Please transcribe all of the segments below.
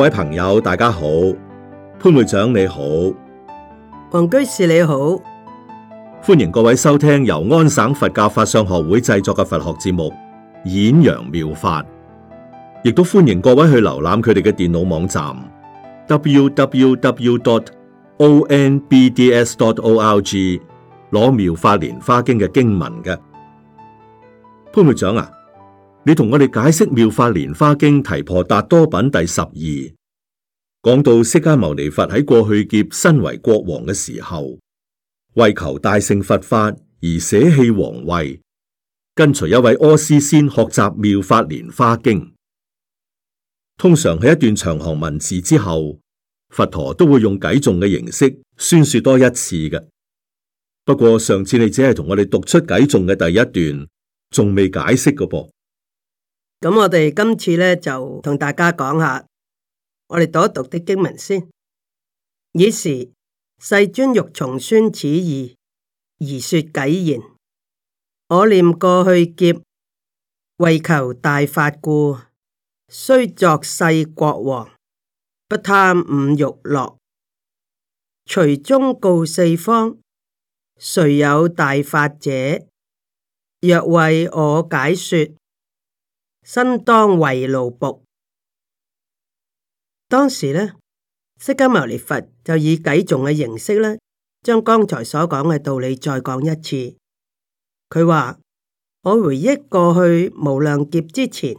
.各位朋友，大家好，潘會長你好，王居士你好，歡迎各位收聽由安省佛教法相學會製作嘅佛學節目《演揚妙法》，亦都歡迎各位去瀏覽佢哋嘅電腦網站 www.onbds.org，攞《妙法蓮華經》嘅經文嘅。潘會長啊！你同我哋解釋《妙法蓮花經·提婆達多品》第十二，講到釋迦牟尼佛喺過去劫身為國王嘅時候，為求大乘佛法而捨棄王位，跟隨一位阿私仙學習《妙法蓮花經》。通常喺一段長行文字之後，佛陀都會用偈頌嘅形式宣說多一次嘅。不過上次你只係同我哋讀出偈頌嘅第一段，仲未解釋嘅噃。咁、嗯、我哋今次呢，就同大家講下，我哋讀一讀啲經文先。爾時世尊欲重宣此義而說偈言：我念過去劫，為求大法故，雖作世國王，不貪五欲樂，隨中告四方：誰有大法者？若為我解說。身當位奴僕，當時呢，釋迦牟尼佛就以偈頌嘅形式呢，將剛才所講嘅道理再講一次。佢話：我回憶過去無量劫之前，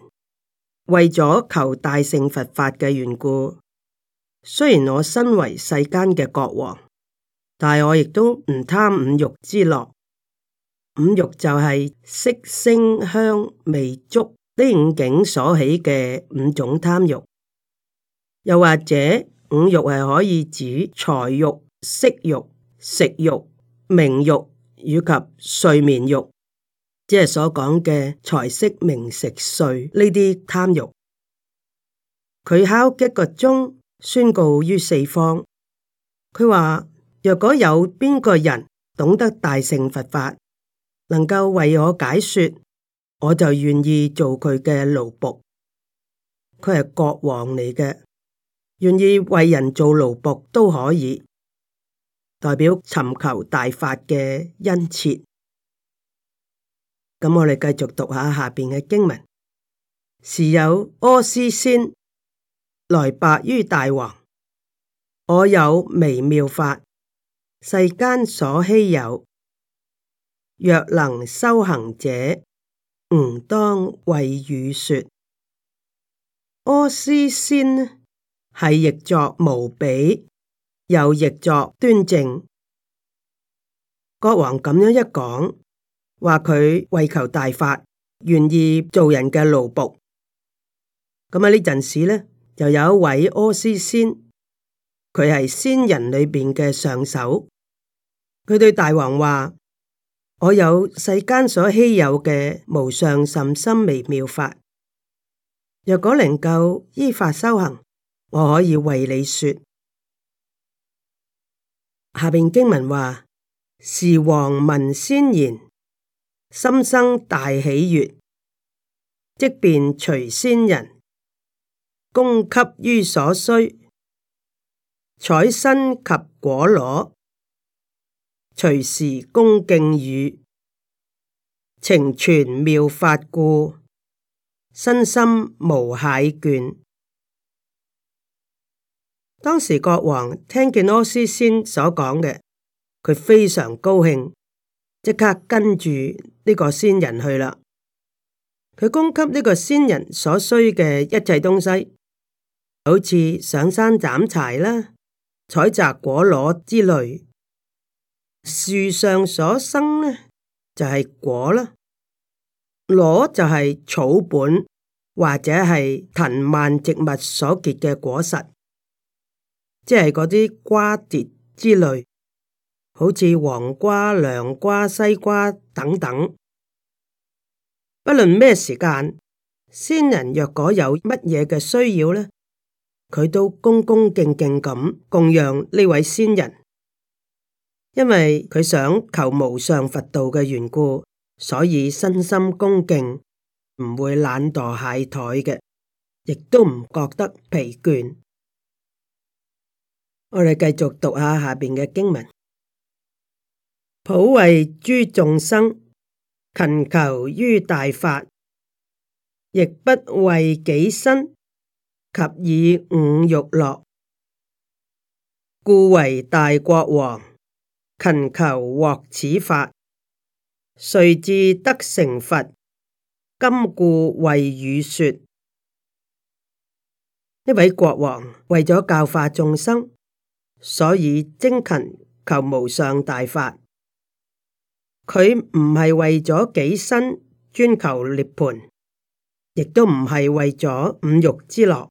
為咗求大聖佛法嘅緣故，雖然我身為世間嘅國王，但係我亦都唔貪五欲之樂。五欲就係色聲香味觸。」呢五境所起嘅五種貪欲，又或者五欲係可以指財欲、色欲、食欲、名欲以及睡眠欲，即係所講嘅財、色、名、食、睡呢啲貪欲。佢敲一個鐘，宣告於四方。佢話：若果有邊個人懂得大乘佛法，能夠為我解說。我就願意做佢嘅奴僕，佢係國王嚟嘅，願意為人做奴僕都可以，代表尋求大法嘅殷切。咁我哋繼續讀下下邊嘅經文：時有阿私仙來白於大王，我有微妙法，世間所稀有，若能修行者，吾當為汝說，阿私仙呢係譯作無比，又譯作端正。國王咁樣一講，話佢為求大法，願意做人嘅奴僕。咁喺呢陣時呢，又有一位阿私仙，佢係仙人裏邊嘅上首。佢對大王話。我有世間所稀有嘅無上甚深微妙法，若果能夠依法修行，我可以為你說。下邊經文話：時王聞仙言，心生大喜悅，即便隨仙人供給於所需，採薪及果蓏。隨時恭敬語，情全妙法故，身心無懈倦。當時國王聽見阿斯仙所講嘅，佢非常高興，即刻跟住呢個仙人去啦。佢供給呢個仙人所需嘅一切東西，好似上山斬柴啦、採摘果螺之類。樹上所生呢，就係、是、果啦。蓏就係草本或者係藤蔓植物所結嘅果實，即係嗰啲瓜蝶之類，好似黃瓜、涼瓜、西瓜等等。不論咩時間，仙人若果有乜嘢嘅需要咧，佢都恭恭敬敬咁供養呢位仙人。因為佢想求無上佛道嘅緣故，所以身心恭敬，唔會懶惰懈怠嘅，亦都唔覺得疲倦。我哋繼續讀下下面嘅經文：普為諸眾生，勤求於大法，亦不為己身，及以五欲樂，故為大國王。勤求獲此法，遂至得成佛。今故為汝說。呢位國王為咗教化眾生，所以精勤求無上大法。佢唔係為咗己身專求涅槃，亦都唔係為咗五欲之樂。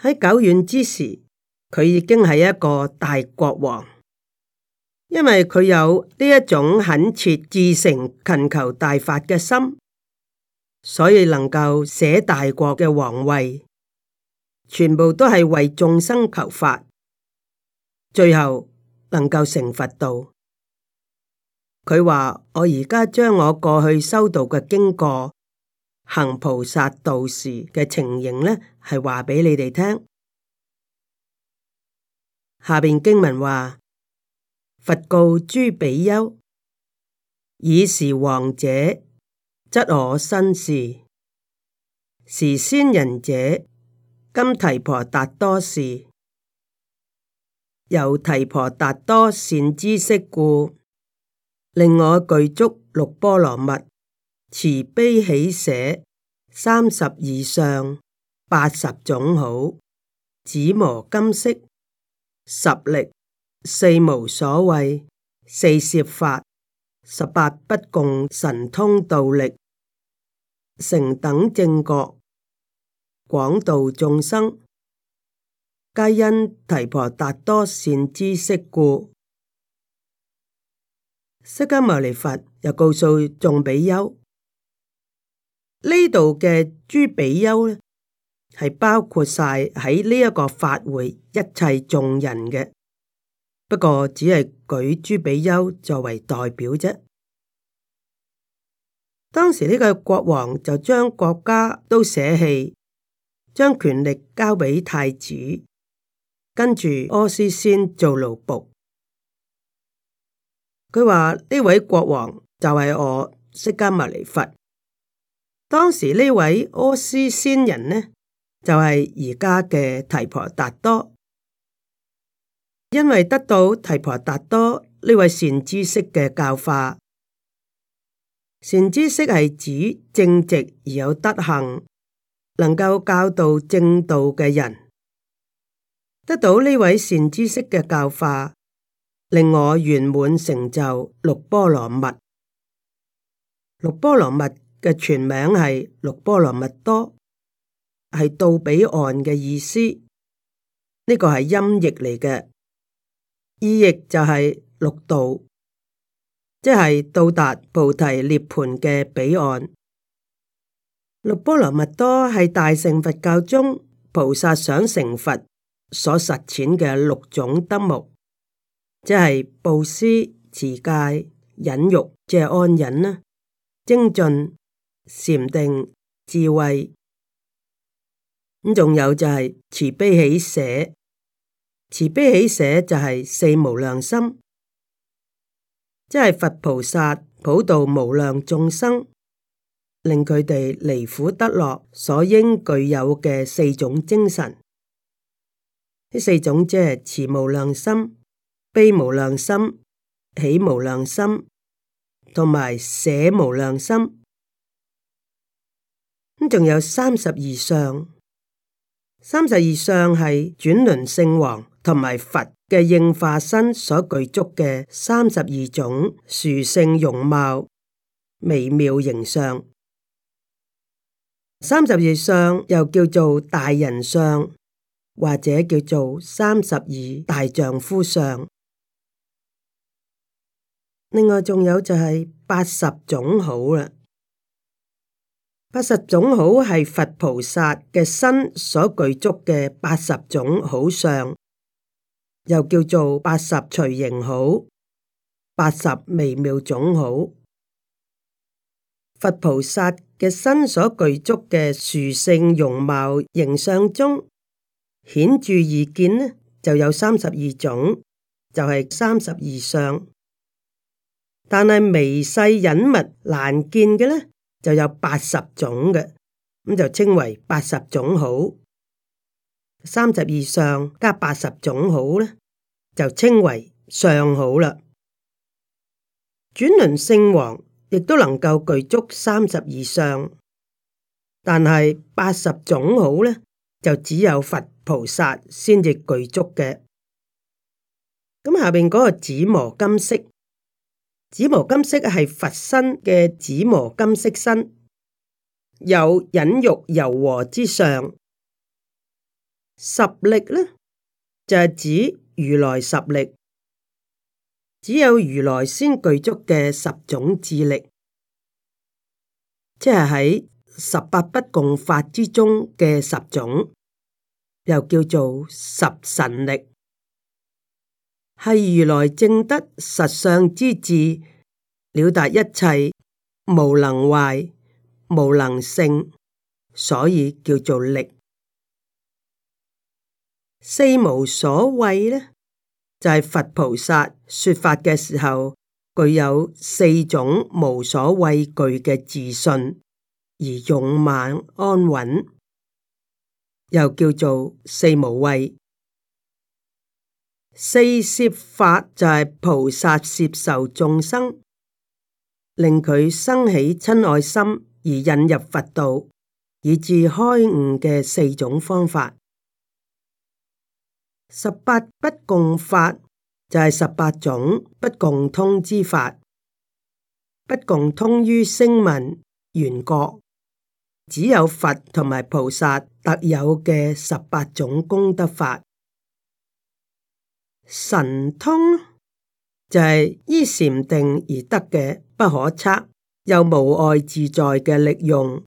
喺久遠之時，佢已經係一個大國王，因為佢有呢一種懇切至誠、勤求大法嘅心，所以能夠捨大國嘅皇位，全部都係為眾生求法，最後能夠成佛道。佢話：我而家將我過去修道嘅經過、行菩薩道時嘅情形呢，係話畀你哋聽。下面經文話：佛告諸比丘，爾時王者，則我身是；時仙人者，今提婆達多是。由提婆達多善知識故，令我具足六波羅蜜，慈悲喜捨，三十二相，八十種好，紫磨金色。十力、四無所謂、四攝法、十八不共神通道力、成等正覺、廣度眾生，皆因提婆達多善知識故。釋迦牟尼佛又告訴眾比丘：呢度嘅諸比丘呢？係包括晒喺呢一個法會一切眾人嘅，不過只係舉諸比丘作為代表啫。當時呢個國王就將國家都捨棄，將權力交俾太子，跟住阿私仙做奴僕。佢話呢位國王就係我釋迦牟尼佛。當時呢位阿私仙人呢？就係而家嘅提婆達多，因為得到提婆達多呢位善知識嘅教化，善知識係指正直而有德行，能夠教導正道嘅人。得到呢位善知識嘅教化，令我圓滿成就六波羅蜜。六波羅蜜嘅全名係六波羅蜜多。係到彼岸嘅意思，呢個係音譯嚟嘅，意譯就係六道，即係到達菩提涅盤嘅彼岸。六波羅蜜多係大乘佛教中菩薩想成佛所實踐嘅六種德目，即係布施、持戒、忍辱、借安忍啦，精進、禪定、智慧。咁仲有就係慈悲喜捨，慈悲喜捨就係四無量心，即係佛菩薩普度無量眾生，令佢哋離苦得樂所應具有嘅四種精神。呢四種即係慈無量心、悲無量心、喜無量心，同埋捨無量心。咁仲有三十二相。三十二相係轉輪聖王同埋佛嘅應化身所具足嘅三十二種殊勝容貌微妙形象。三十二相又叫做大人相，或者叫做三十二大丈夫相。另外仲有就係八十種好啦。八十種好係佛菩薩嘅身所具足嘅八十種好相，又叫做八十隨形好、八十微妙種好。佛菩薩嘅身所具足嘅殊性、容貌、形象中，顯著易見呢就有三十二種，就係、是、三十二相。但係微細隱密難見嘅呢？就有八十種嘅，咁就稱為八十種好。三十二相加八十種好咧，就稱為相好啦。轉輪聖王亦都能夠具足三十二相，但係八十種好咧，就只有佛菩薩先至具足嘅。咁下邊嗰個紫磨金色。紫磨金色係佛身嘅紫磨金色身，有忍辱柔和之相。十力呢，就係、是、指如來十力，只有如來先具足嘅十種智力，即係喺十八不共法之中嘅十種，又叫做十神力。係如來正德實相之智，了達一切無能壞、無能勝，所以叫做力。四無所畏咧，就係、是、佛菩薩說法嘅時候，具有四種無所畏懼嘅自信而勇猛安穩，又叫做四無畏。四攝法就係菩薩攝受眾生，令佢生起親愛心而引入佛道，以至開悟嘅四種方法。十八不共法就係十八種不共通之法，不共通於聲聞、緣覺，只有佛同埋菩薩特有嘅十八種功德法。神通就係、是、依禪定而得嘅，不可測又無礙自在嘅力用，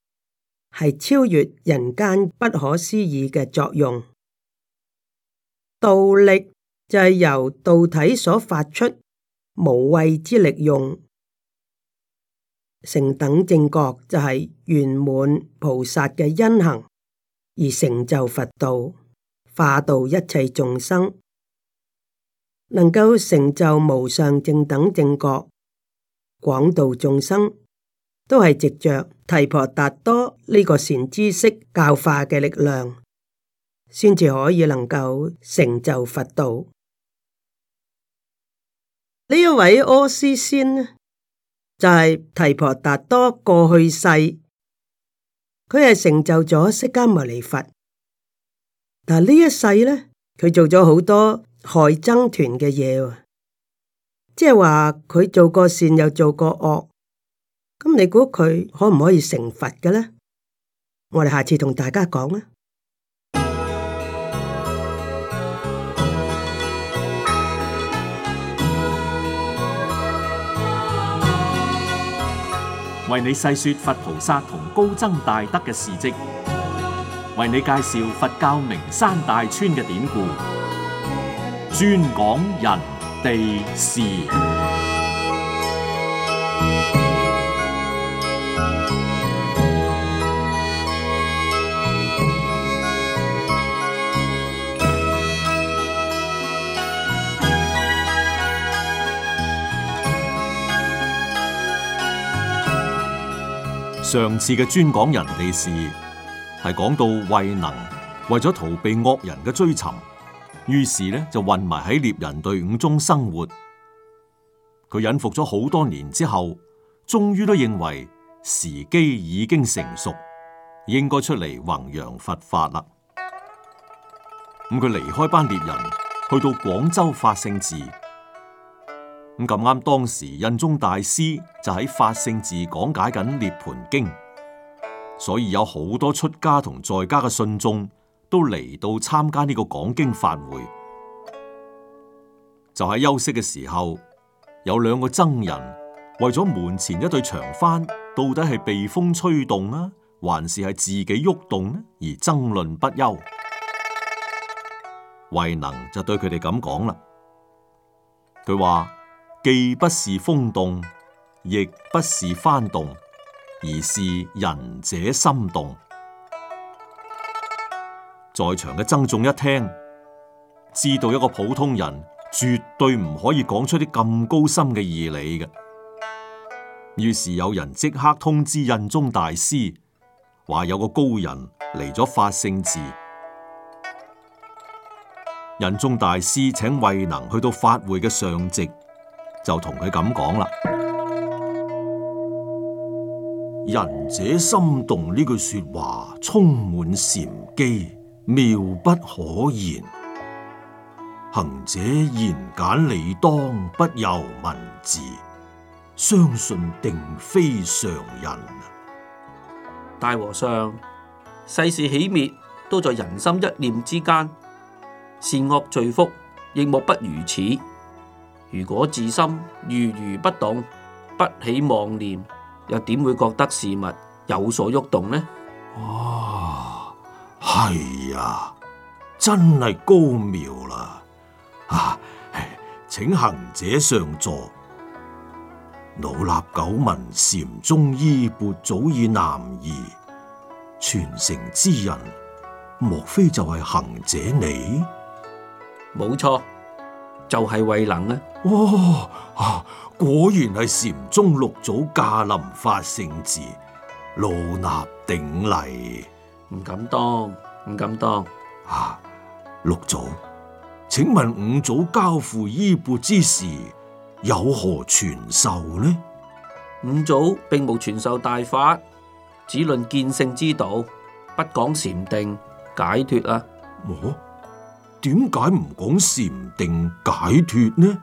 係超越人間不可思議嘅作用。道力就係、是、由道體所發出無畏之力用，成等正覺就係、是、圓滿菩薩嘅因行而成就佛道，化度一切眾生。能夠成就無上正等正覺、廣度眾生，都係藉着提婆達多呢個善知識教化嘅力量，先至可以能夠成就佛道。呢一位阿私仙呢，就係提婆達多過去世，佢係成就咗釋迦牟尼佛。但呢一世呢，佢做咗好多。害僧團嘅嘢喎，即係話佢做過善又做過惡，咁你估佢可唔可以成佛㗎呢？我哋下次同大家講啊！為你細說佛菩薩同高僧大德嘅事跡，為你介紹佛教名山大川嘅典故。專講人地事。上次嘅專講人地事，係講到慧能為咗逃避惡人嘅追尋。於是咧就混埋喺獵人隊伍中生活。佢隱伏咗好多年之後，終於都認為時機已經成熟，應該出嚟弘揚佛法啦。咁佢離開班獵人，去到廣州法性寺。咁咁啱，當時印宗大師就喺法性寺講解緊《涅盤經》，所以有好多出家同在家嘅信眾。都嚟到參加呢、這個講經法會，就喺休息嘅時候，有兩個僧人為咗門前一對長幡，到底係被風吹動呢、啊，還是係自己喐動呢、啊？而爭論不休。慧能就對佢哋咁講啦，佢話既不是風動，亦不是幡動，而是仁者心動。在場嘅僧眾一聽，知道一個普通人絕對唔可以講出啲咁高深嘅義理嘅，於是有人即刻通知印宗大師，話有個高人嚟咗法性寺。印宗大師請慧能去到法會嘅上席，就同佢咁講啦：仁者心動呢句說話充滿禪機。妙不可言，行者言簡理當不由文字，相信定非常人。大和尚，世事起滅都在人心一念之間，善惡罪福亦莫不如此。如果自心如如不動，不起妄念，又點會覺得事物有所喐動呢？哦。係啊，真係高妙啦！啊，請行者上座。老衲久聞禪宗衣缽早已南移，傳承之人，莫非就係行者你？冇錯，就係、是、慧能啊！哇、哦啊、果然係禪宗六祖駕臨法性寺，老衲頂禮。唔敢當，唔敢當啊！六祖，請問五祖交付衣鉢之時，有何傳授呢？五祖並冇傳授大法，只論見性之道，不講禪定解脫啊！哦，點解唔講禪定解脫呢？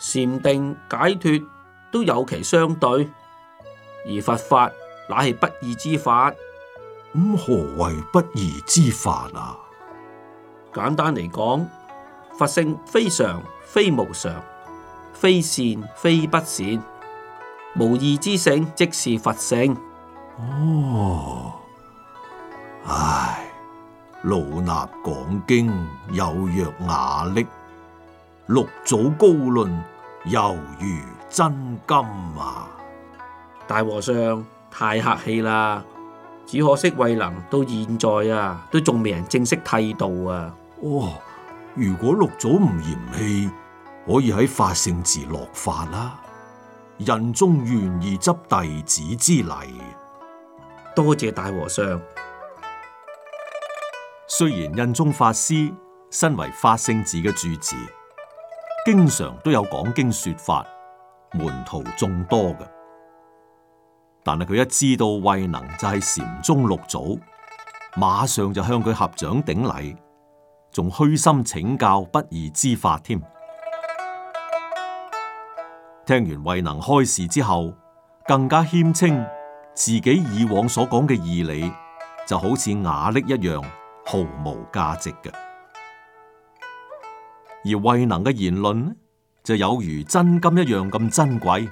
禪定解脫都有其相對，而佛法乃係不二之法。咁何為不二之法啊？簡單嚟講，佛性非常非無常，非善非不善，無二之性即是佛性。哦，唉，老衲講經有若瓦礫，六祖高論猶如真金啊！大和尚太客氣啦。只可惜慧能到現在啊，都仲未人正式剃度啊。哦，如果六祖唔嫌棄，可以喺法性寺落髮啦，啊。印宗願意執弟子之禮。多謝大和尚。雖然印宗法師身為法性寺嘅住持，經常都有講經說法，門徒眾多嘅。但係佢一知道慧能就係禪宗六祖，馬上就向佢合掌頂禮，仲虛心請教不二之法添。聽完慧能開示之後，更加謙稱自己以往所講嘅義理就好似瓦礫一樣，毫無價值嘅。而慧能嘅言論就有如真金一樣咁珍貴。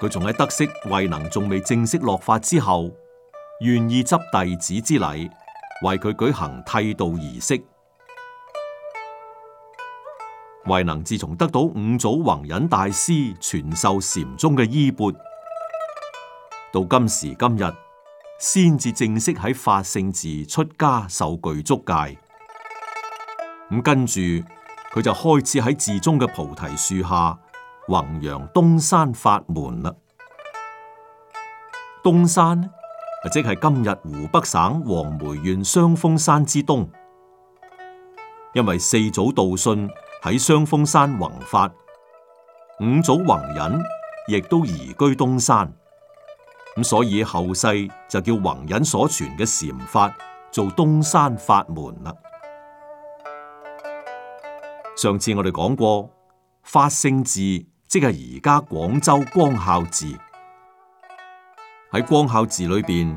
佢仲喺得悉慧能仲未正式落髮之後，願意執弟子之禮為佢舉行剃度儀式。慧能自從得到五祖弘忍大師傳授禪宗嘅衣缽，到今時今日，先至正式喺法聖寺出家受具足戒。咁跟住佢就開始喺寺中嘅菩提樹下，弘揚東山法門啦，東山即係今日湖北省黃梅縣雙峰山之東，因為四祖道信喺雙峰山弘法，五祖弘忍亦都移居東山，咁所以後世就叫弘忍所傳嘅禪法做東山法門啦。上次我哋講過，法性寺。即係而家廣州光孝寺，喺光孝寺裏邊，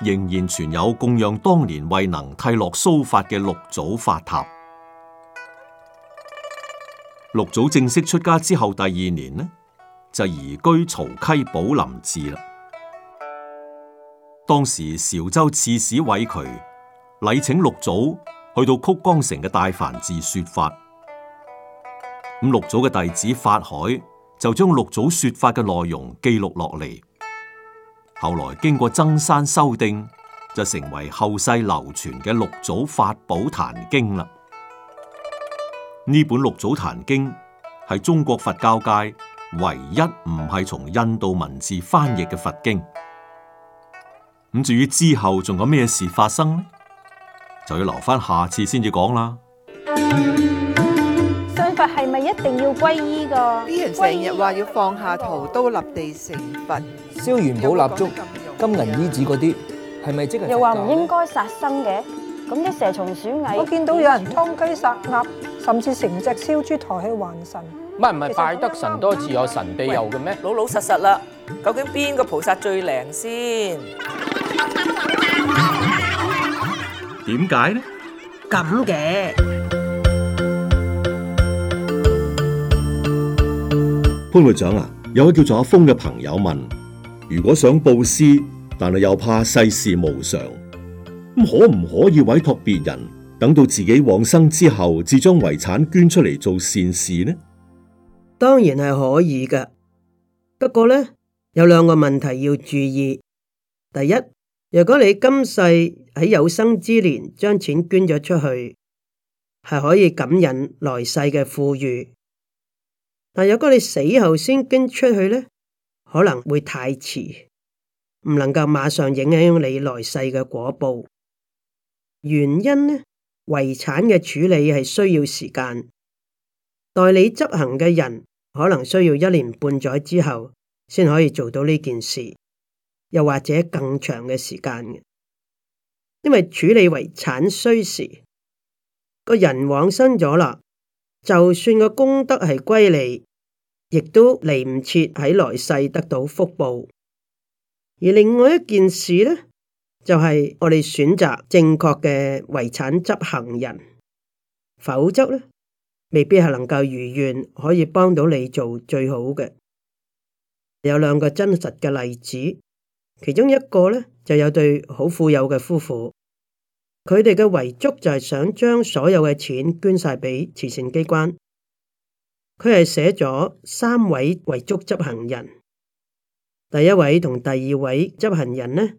仍然存有供養當年未能剃落鬚髮嘅六祖法塔。六祖正式出家之後第二年呢，就移居曹溪寶林寺啦。當時韶州刺史委渠禮請六祖去到曲江城嘅大梵寺說法，咁六祖嘅弟子法海，就將六祖說法嘅內容，記錄落嚟，後來經過增刪修訂，就成為後世流傳嘅六祖法寶壇經啦。呢本六祖壇經係中國佛教界唯一唔係從印度文字翻譯嘅佛經。咁至於之後仲有咩事發生呢？就要留翻下，下次先至講啦。係一定要皈依㗎，啲人成日話要放下屠刀立地成佛，燒元寶蠟燭、金銀衣子嗰啲，係咪即係？又話唔應該殺生嘅，咁啲蛇蟲鼠蟻，我見到有人劏雞殺鴨，甚至成隻燒豬抬去還神，唔係拜得神多自有神庇佑嘅咩？老老實實啦，究竟邊個菩薩最靈先？點解呢？咁嘅。潘會長啊，有位叫做阿峰嘅朋友問：如果想布施，但係又怕世事無常，咁可唔可以委託別人，等到自己往生之後，至將遺產捐出嚟做善事呢？當然係可以嘅，不過咧有兩個問題要注意。第一，如果你今世喺有生之年將錢捐咗出去，係可以感引來世嘅富裕。但如果你死後先捐出去呢，可能會太遲，唔能夠馬上影響你來世嘅果報。原因呢，遺產嘅處理係需要時間，代理執行嘅人可能需要一年半載之後先可以做到呢件事，又或者更長嘅時間的。因為處理遺產需時，個人往生咗啦，就算個功德係歸你。亦都嚟唔切喺來世得到福報，而另外一件事呢，就係、是、我哋選擇正確嘅遺產執行人，否則呢，未必係能夠如願可以幫到你做最好嘅。有兩個真實嘅例子，其中一個呢，就有對好富有嘅夫婦，佢哋嘅遺囑就係想將所有嘅錢捐晒俾慈善機關。佢係寫咗三位遺囑執行人，第一位同第二位執行人呢，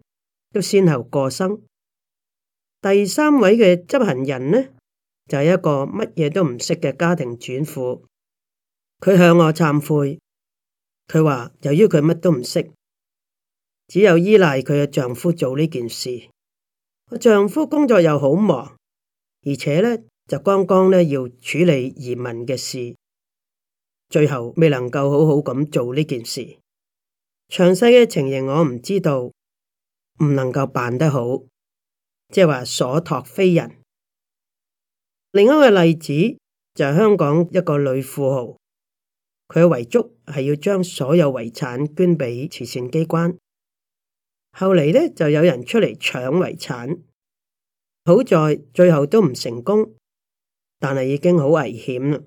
都先後過生。第三位嘅執行人呢，就係一個乜嘢都唔識嘅家庭主婦。佢向我懺悔，佢話由於佢乜都唔識，只有依賴佢嘅丈夫做呢件事。個丈夫工作又好忙，而且呢，就剛剛呢要處理移民嘅事。最後未能夠好好咁做呢件事，詳細嘅情形我唔知道，唔能夠辦得好，即係話所托非人。另一個例子就係香港一個女富豪，佢嘅遺囑係要將所有遺產捐俾慈善機關，後嚟呢，就有人出嚟搶遺產，好在最後都唔成功，但係已經好危險啦。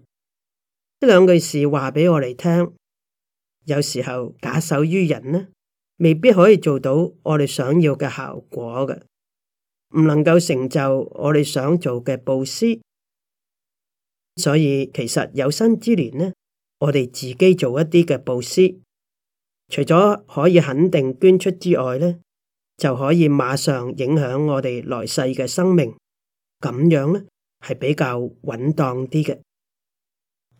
呢兩句事話俾我哋聽，有時候假手於人呢，未必可以做到我哋想要嘅效果嘅，唔能夠成就我哋想做嘅布施。所以其實有生之年呢，我哋自己做一啲嘅布施，除咗可以肯定捐出之外呢，就可以馬上影響我哋來世嘅生命，咁樣呢係比較穩當啲嘅。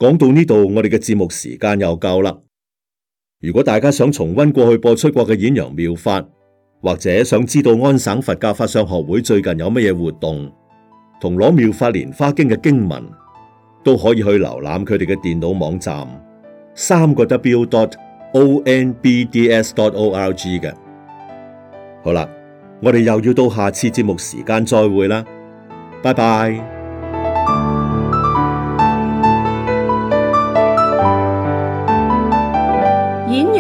講到呢度，我哋嘅節目時間又夠啦。如果大家想重溫過去播出過嘅演揚妙法，或者想知道安省佛教法相學會最近有乜嘢活動，同攞妙法蓮花經嘅經文，都可以去瀏覽佢哋嘅電腦網站，三個 w dot o n b d s dot o r g 嘅。好啦，我哋又要到下次節目時間再會啦，拜拜。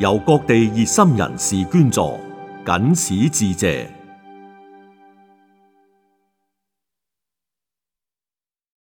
由各地熱心人士捐助，僅此致謝。